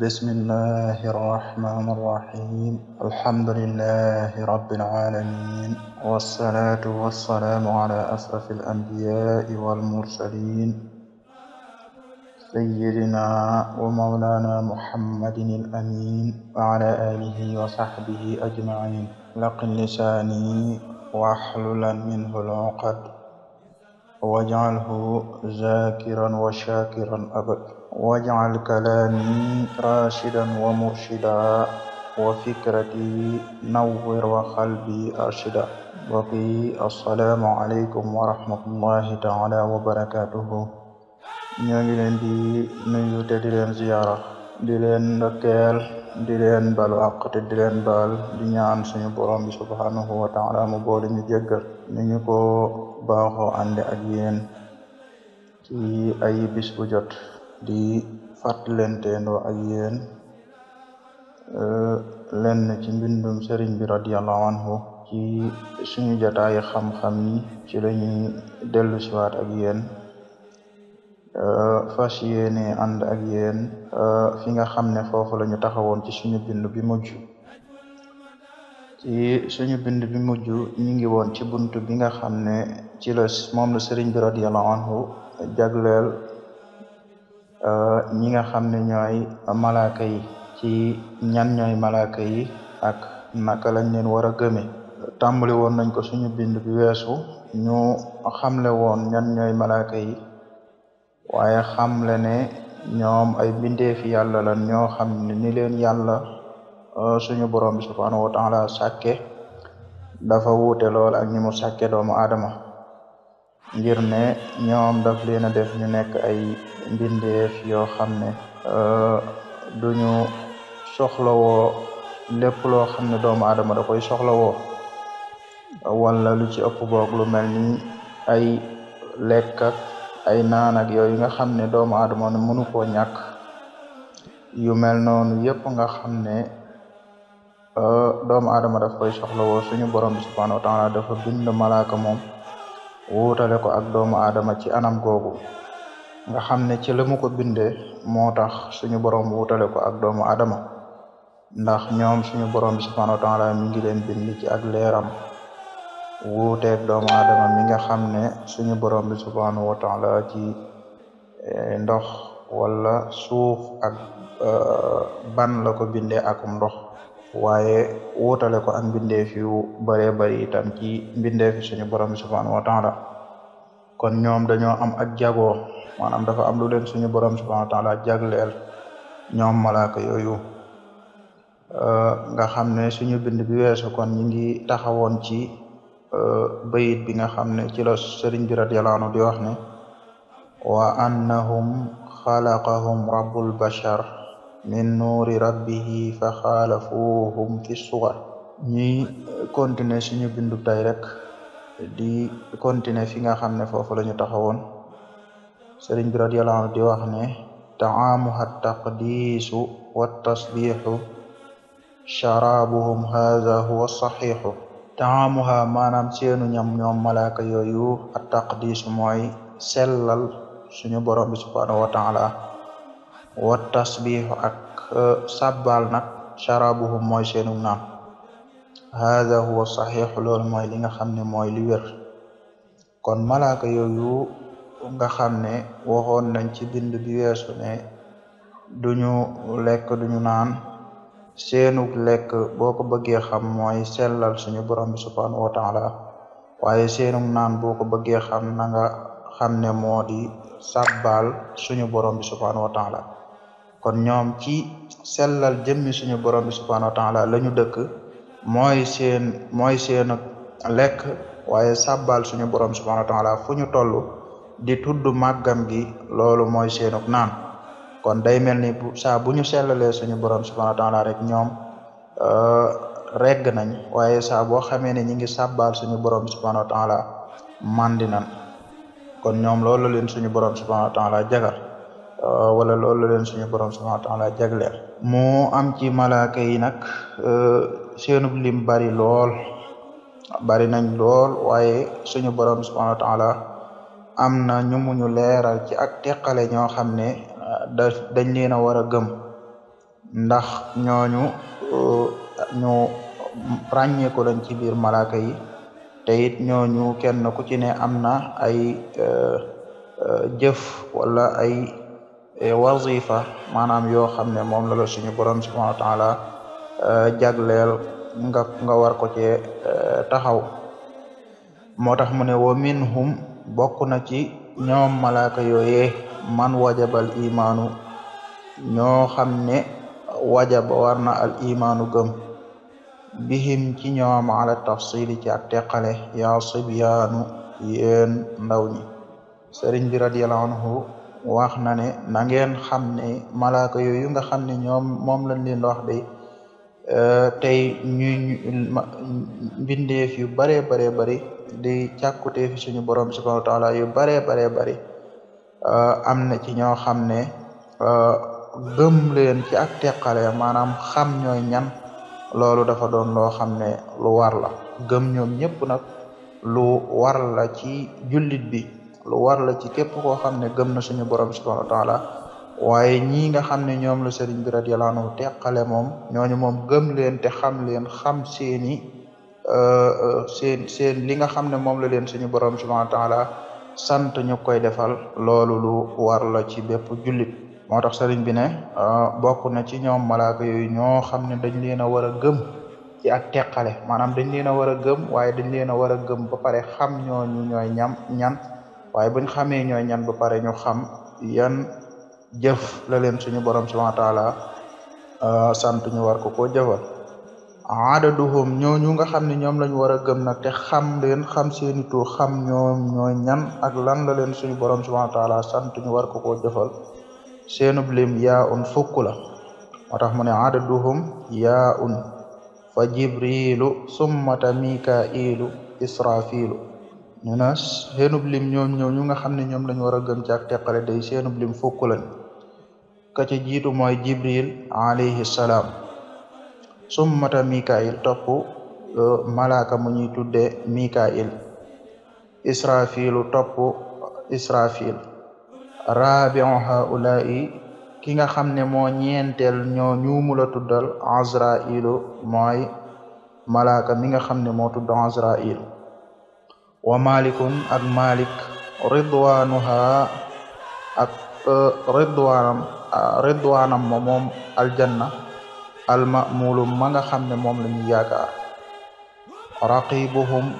بسم الله الرحمن الرحيم الحمد لله رب العالمين والصلاة والسلام على أشرف الأنبياء والمرسلين سيدنا ومولانا محمد الأمين وعلى آله وصحبه أجمعين لق لساني واحلل منه العقد واجعله ذاكرا وشاكرا أبدا waj'al kalaami raashidan wa murshida wa fikrati nawwir wa qalbi arshida mbokk yi assalaamu aleykum wa rahmatullahi taala wa barakaatuhu ñoo ngi leen di nuyu te di leen ziyaara di leen ndokkeel di leen balu àq te di leen bal di ñaan suñu borom bi subhaanahu wa taala mu boole ñu jéggal ni ñu ko baaxoo ànde ak yéen ci ay bis di fàttalentendoo ak yéen eh, lenn ci mbindum sëriñ bi radiallahu anhu ci suñu jataayi xam-xam ci lañu dellu siwaat ak yéen eh, fas yéene ànd ak yéen eh, fi nga xam ne foofu lañu taxawoon ci suñu bind bi mujj ci suñu bind bi mujj ñu ngi woon ci bunt bi nga xam ne ci la moom la sëriñ bi radiallahu anhu jagleel Euh, ñi nga xam ne ñooy malaaka ci ñan ñooy malaaka ak naka lañ leen war a gëme tàmbali woon nañ ko suñu bind bi weesu ñu xamle woon ñan ñooy malaaka yi waaye xamle ne ñoom ay mbindeefi yàlla lan ñoo xam ne ni leen yàlla euh, suñu borom bi subhanahu wa taala sàkke dafa wuute lool ak ñi mu sàkke doomu ngir ne ñoom daf leen def ñu nekk ay mbindeef yoo xam ne euh, duñu soxlawoo lépp loo xam ne doomu aadama da koy soxlawoo wala lu ci ëpp boog lu mel ni ay lekk ay naan ak yooyu nga xam ne doomu aadama mënu koo ñàkk yu mel noonu yëpp nga xam ne euh, doomu aadama daf koy soxlawoo suñu borom bi subhanahu wa taala dafa bind malaaka moom wuutale ko ak doomu aadama ci anam googu nga xam ne ci la mu ko bindee moo tax suñu borom wuutale ko ak doomu aadama ndax ñoom suñu borom bi subhanahu wa taala mi ngi leen bind ci ak leeram wuuteeg doomu aadama mi nga xam ne suñu borom bi subhanahu wa taala ci eh, ndox wala suuf ak eh, ban la ko bindee akum ndox waaye wutale ko ak mbinde yu baree bari itam ci mbindeefi suñu borom subhanahu wa taala kon ñoom dañoo am ak jagoo maanaam dafa am lu leen suñu borom subhanahu wa taala jagleel ñoom malaaka yooyu nga xam ne suñu bind bi weesu kon ñu ngi taxawoon ci bayit bi nga xam ne ci la sëriñ bi radiyallahu wax ne wa annahum xalaqahum rabbul bashar min nuuri rabbihi fa xaalafuuhum fi suwar ñi continuer suñu bindu tay rek di continuer fi nga xam ne foofu la ñu taxawoon sëriñ bi radiyallahu anhu di wax ne taamuha taqdiisu wa tasbiixu sharaabuhum haza huwa saxiixu taamuha maanaam seenu ñam ñoom malaaka yooyu at taqdiisu moy sellal suñu borom bi subhaanahu wa taala wa tasbihu ak e, sabbal nag sharabuhum mooy seenu naan hada huwa saxiixu loolu mooy li nga xam ne mooy li wér kon malaaka yooyu nga xam ne waxoon nañ ci bind bi weesu ne duñu lekk duñu naan seenu lekk boo ko bëggee xam mooy sellal suñu borom bi subhanahu wa la waaye seenu naan boo ko bëggee xam nanga xam ne moo di sabbal suñu borom bi subhanahu wa la kon ñoom ci sellal jëmmi suñu borom bi subhanahu wa taala la ñu dëkk mooy seen mooy seen lekk waaye sabbal suñu borom subhanahu wa taala fu ñu toll di tudd màggam gi loolu mooy seenuk naan kon day mel ni saa bu ñu sellalee suñu borom subhanahu wa taala rek ñoom euh, regg nañ waaye saa boo xamee ne ñi ngi sabbal suñu borom subhanahu wa taala mandi nan kon ñoom loolu leen suñu borom subhanahu wa taala jagal Euh, wala loolu len suñu borom subhanahu wa taala jagleel mu am ci malaaka yi nag euh, seenub lim bari lool bari nañ lool waaye suñu borom subhanahu wa taala am na ñu muñu leeral ci ak teqale ñoo xam ne euh, da dañ leen a war a gëm ndax ñooñu ñu ràññeeku lañ ci biir malaaka yi te it ñooñu kenn ku ci ne am na ay jëf wala ay Eh, wazifa maanaam yoo xam ne moom la la suñu borom subhanahu wa taala eh, jaglel nga nga war ko cee eh, taxaw moo tax mu ne wa minhum bokk na ci ñoom malaaka yooyee man wajabal imaanu ñoo xam ne wajaba war na al imaanu gëm bihim ci ñoom ala tafsili ci ak teqale yaa sibyaanu yéen ndaw ñi sëriñ bi radiyallahu wax na ne na ngeen xam ne malaaka yooyu nga xam ne ñoom moom lañ leen wax de euh, tey ñuy mbindeef yu baree baree bari di càkkutee fi suñu borom subhanahu wa taala yu baree baree bari euh, am na ci ñoo xam ne euh, gëm leen ci ak teqale maanaam xam ñooy ñan loolu dafa doon loo xam ne lu war la gëm ñoom ñëpp nag lu war la ci jullit bi lu war la ci képp koo xam ne gëm na suñu borom subhanahu wa taala waaye ñii nga xam ne ñoom la sëriñ bi radiyallahu anhu teqale moom ñooñu moom gëm leen te xam leen xam seeni euh, euh, seen seen li nga xam ne moom la leen suñu borom subhanahu wa taala sant ñu koy defal loolu lu war ci bépp jullit moo tax sëriñ bi ne euh, bokk na ci ñoom malaaka yooyu ñoo xam ne dañ leen a war a gëm ci ak teqale maanaam dañ leen a war a gëm waaye dañ leen a war a gëm ba pare xam ñooñu ñooy ñam ñan waaye buñ xamee ñooy ñan ba pare ñu xam yan jëf la suñu borom subhanahu wa taala euh, sant ñu war ko koo jëfal adaduhum ñooñu nga xam ne ñoom lañ war a gëm nag te xam leen xam seeni tur xam ñoom ñooy ñan ak lan la leen suñu borom subhanahu wa taala sant ñu war ko koo jëfal seenub lim yaa un fukk la moo tax mu ne adaduhum yaa un fa jibrilu summata mikailu israfilu nee na seenub lim ñoom ñëw ñu nga xam ne ñoom lañ war a gëm ci ak teqale day seenub lim fukk lañ ka jiitu mooy jibril alayhi salaam summata mikail topp e, malaaka mu ñuy tudde mikail israfilu topp israfil rabiu haula'i ki nga xam ne moo ñeenteel ñoo ñuumu la tuddal azrailu mooy malaaka mi nga xam ne moo wa malikun ak malik ridwanuha ak e, ridwanam ridwanam ma moom aljanna almamulu ma nga xam ne moom la ñu yaakaar raqibuhum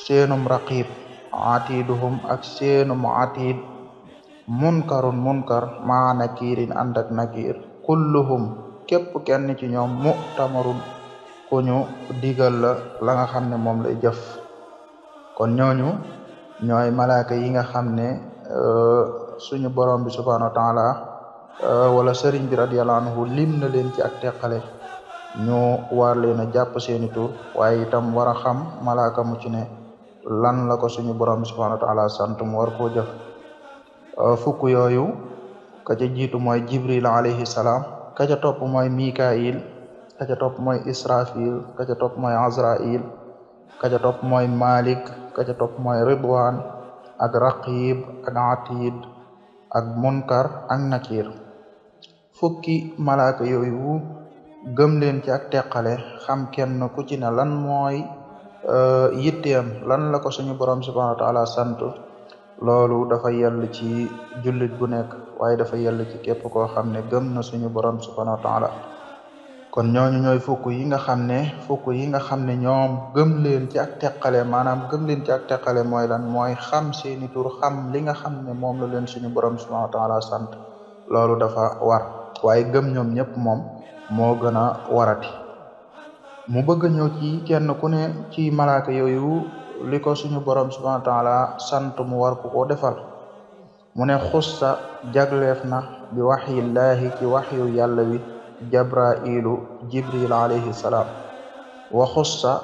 senum raqib atiduhum ak seenum atid munkarun munkar maa nakirin ànd ak nakir kulluhum képp kenn ci ñoom mutamarun ku ñu digal la la xam ne moom lay jëf kon ñooñu ñooy malaaka yi nga xam ne euh, suñu borom bi subhanahu wa taala euh, wala sëriñ bi radiyallahu anhu lim na leen ci ak teqale ñu war leen a jàpp seeni tur waaye itam war a xam malaaka mu ci ne lan la ko suñu borom bi subhanahu wa taala sant mu war koo jëf euh, yooyu ka jiitu mooy jibril alayhi salaam ka ca topp mooy mikail ka ca israfil ka ca topp azrail ka ca topp mooy malik ka ca topp mooy ridwan ak raqib ak atid ak munkar ak nakir fukki malaaka yooyu gëm leen ci ak teqale xam kenn ku ci ne lan mooy euh, yitteem lan la ko suñu borom subhanahu wa taala sant loolu dafa yell ci jullit bu nekk waaye dafa yell ci képp koo xam ne gëm na suñu borom subhanahu wa taala kon ñooñu ñooy fukk yi nga xam ne fukk yi nga xam ne ñoom gëm leen ci ak teqale maanaam gëm leen ci ak teqale mooy lan mooy xam seeni tur xam li nga xam ne moom la leen suñu borom subhanahu wa taala sant loolu dafa war waaye gëm ñoom ñëpp moom moo gën a warati mu bëgg ñëw ci kenn ku ne ci malaaka yooyu li ko suñu borom subhanahu wa taala sant mu war ko ko defal mu ne xussa jagleef na bi waxyillahi ci waxyu yàlla wi jabrailu jibril alayhi salaam wa xussa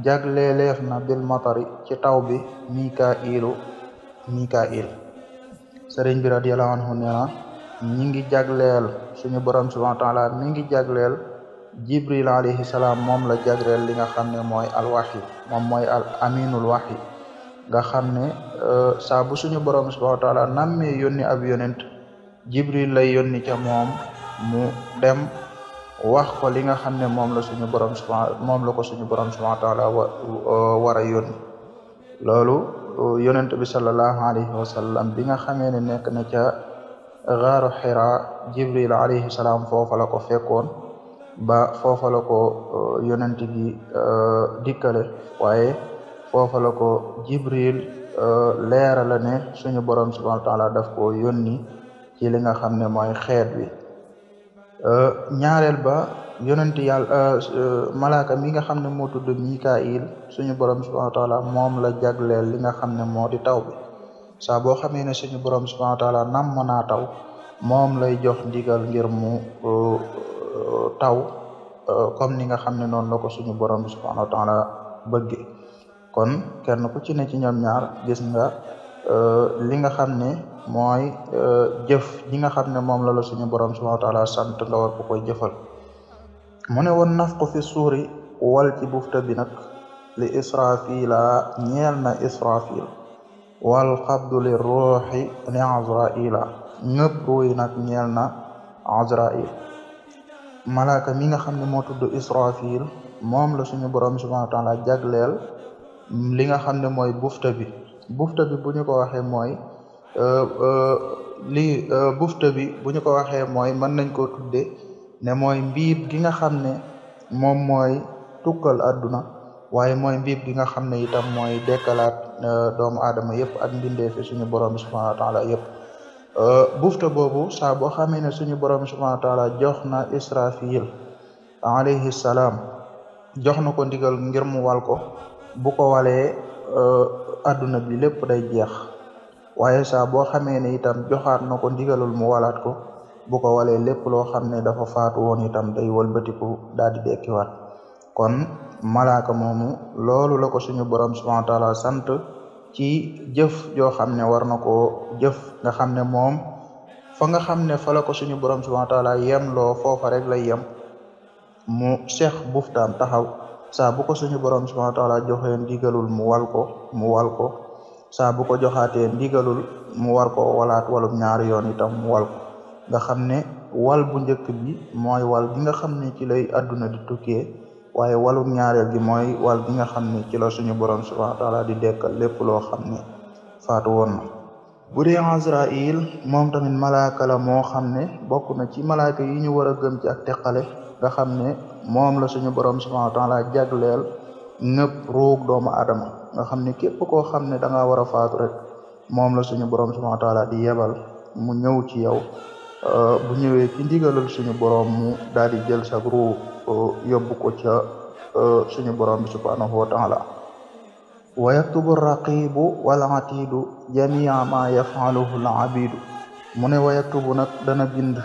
jagleeleef na bil matari ci taw bi mikailu mikail sëriñ bi radiyallahu anhu ngi jagleel suñu borom subhanahu wa taala mi ngi jagleel jibril alayhi moom la jagleel li nga xam ne mooy alwaxyi moom mooy al aminul waxyi nga xam ne euh, saa suñu borom subhanahu wa taala nammee yónni ab yonent jibril lay yónni ca moom mu dem wax ko li nga xam ne moom la suñu borom subhanahu moom la ko suñu borom subhanahu wa taala uh, war a yónni loolu uh, yonent bi sallallahu alayhi wa bi nga xamee ne nekk na ca xaaru xira jibril alayhi salaam foofa la ko fekkoon ba foofa la ko uh, yonent bi dikkale waaye foofa la ko jibril leera la ne suñu borom subhanahu wa taala daf ko yónni ci li nga xam ne mooy xeet bi Euh, ñaareel ba yonent yàlla euh, euh, malaaka mi nga xam ne moo tudd mikail suñu borom subhanahu wa taala moom la jagleel li nga xam ne moo di taw saa boo xamee ne suñu borom subhanahu wa taala namm naa taw moom lay jox ndigal ngir mu taw comme ni nga xam ne noonu la ko suñu borom bi subhanahu wa taala bëgge kon kenn ku ci ne ci ñoom ñaar gis nga li nga xam ne mooy euh, jëf ji nga xam ne moom la la suñu borom subhanahu wa taala sant nga war ko koy jëfal mu ne woon nafqu fi suuri wal ci bufta bi nag li israfila ñeel na israfil wal xabdu li ruuxi li azraila ñëpp ruuy nag ñeel na azrail malaaka mi nga xam ne moo tudd israfil moom la suñu borom subhanahu wa taala jagleel li nga xam ne mooy bufta bi bufta bi bu ñu ko waxee mooy Euh, euh, li euh, bufta bi bu ñu ko waxee mooy mën nañ koo tudde ne mooy mbiib gi nga xam ne moom mooy tukkal àdduna waaye mooy mbiib gi nga xam ne itam mooy dekkalaat doomu adama yëpp ak mbindee suñu borom bi subhanahu wa taala yëpp boobu saa boo xamee ne suñu boromi bi subhanahu jox na israfil alayhi salaam jox na ko ndigal ngir mu wal ko bu ko walee àdduna bi lépp day jeex waaye saa boo xamee ne itam joxaat na ko ndigalul mu walaat ko bu ko walee lépp loo xam ne dafa faatu woon itam day wëlbatiku daal di dekkiwaat kon malaaka moomu loolu la ko suñu borom subhanahu wa taala sant ci jëf joo xam ne war na koo jëf nga xam ne moom fa nga xam ne fa la ko suñu borom subhanahu taala yem loo foofa rek lay yem mu seex buftaam taxaw saa bu ko suñu borom suma wa taala joxeen digalul mu wal ko mu wal ko saa bu ko joxaatee ndigalul mu war ko walaat walub ñaari yoon itam mu wal nga xam ne wal bu njëkk bi mooy wal gi nga xam ne ci lay àdduna di tukkee waaye walub ñaareel gi mooy wal gi nga xam ne ci la suñu borom subhanahu wa taala di dekkal lépp loo xam ne faatu woon na bu dee Azrail moom tamit malaaka moo xam ne bokk na ci malaaka yi ñu war a gëm ci ak teqale nga xam ne moom la suñu borom subhanahu wa taala jagleel ñëpp ruug doomu aadama nga xam ne képp koo xam ne da ngaa war a faatu moom la suñu borom subhanahu wa taala di yebal mu ñëw ci yow euh, bu ñëwee ci ndigalul suñu borom mu daal di jël sa ruu euh, yóbbu ko ca euh, suñu borom bi subhanahu wa taala wa yaktubu raqibu wal atidu jamia ma yafaluhu al abidu mu ne wa yaktubu nag dana bind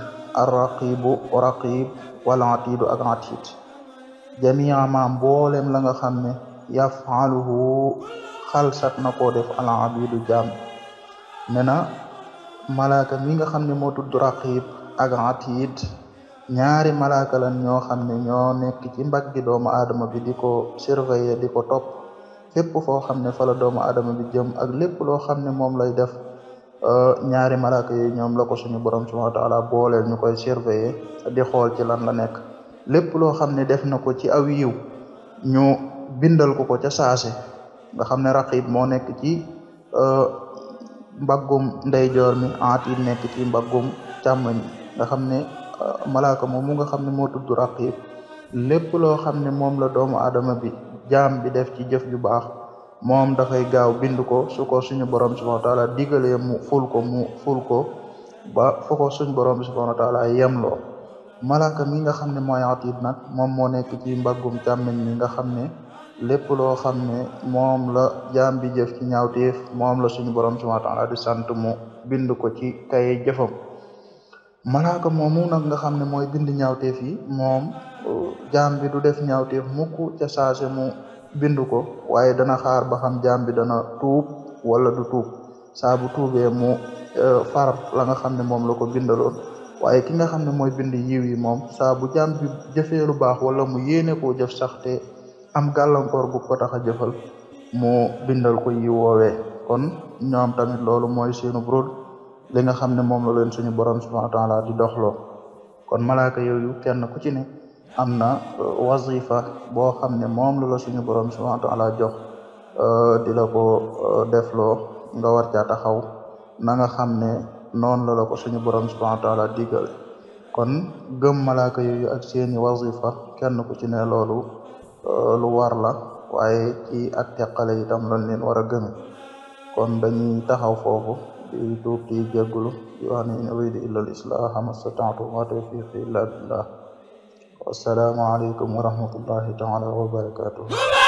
ar raqibu raqib wal atidu ak atid jamia ma mboolem la xam ne xal sat na ko def al abidu jaam nee na malaaka mi nga xam ne moo tudd raqib ak atid ñaari malaaka lan ñoo xam ne ñoo nekk ci mbaggi doomu aadama bi di ko surveiller di ko topp fépp foo xam ne fa la doomu aadama bi jëm ak lépp loo xam ne moom lay def euh, ñaari malaaka yooyu ñoom la ko suñu borom subhanahu wa taala booleel ñu koy surveiller di xool ci lan la nekk lépp loo xam ne def na ko ci aw yiw ñu bindal ko ko ca saase nga xam ne rakib moo nekk ci euh, mbaggum ndeyjoor mi aatid nekk ci mbaggum càmmoñ nga xam ne euh, malaaka moom mu nga xam ne moo tudd raqib lépp loo xam ne moom la doomu aadama bi jaam bi def ci jëf ju baax moom dafay gaaw bind ko su ko suñu borom subhanahu wa taala digalee mu ful mu ful ko ba fo borom bi subhanahu wa taala yemloo malaaka mi nga xam ne mooy aatid nag moom moo nekk ci mbaggum càmmoñ mi nga xam ne lépp loo xam ne moom la jaam bi jëf ci ñaawteef moom la suñu borom subhaanahu wa taala di sant mu bind ko ci kaye jëfam malaaka moomu nag nga xam ne mooy bind ñaawteef yi moom uh, jaam bi du def ñaawteef mukk ca saase mu bind ko waaye dana xaar ba xam jaam bi dana tuub wala du tuub saa bu tuubee mu uh, far la nga xam ne moom la ko bindaloon waaye ki nga xam ne mooy bind yiw moom saa bu jaam baax wala mu yéene koo jëf sax am gàllankoor bu ko tax a jëfal mu bindal ko yi woowee kon ñoom tamit loolu mooy seenu rôle li nga xam ne moom la leen suñu borom subhanahu wa taala di doxloo kon malaaka yooyu kenn ku ci am na uh, wazifa boo xam ne moom la la suñu borom subhanahu wa taala jox uh, di la ko uh, defloo nga war caa taxaw na nga xam ne noonu la la ko suñu borom subhanahu wa digal kon gëm malaaka yooyu ak seeni wazifa kenn ku ci ne loolu Eh, lu war la waaye ci ak teqale itam loolu leen war a gëme kon dañuy taxaw foofu di tuub di jéggulu di wax ne in uridu illa al islaha mastata'tu wa tawfiqi illa billah wassalaamu aleykum wa rahmatullahi taala wa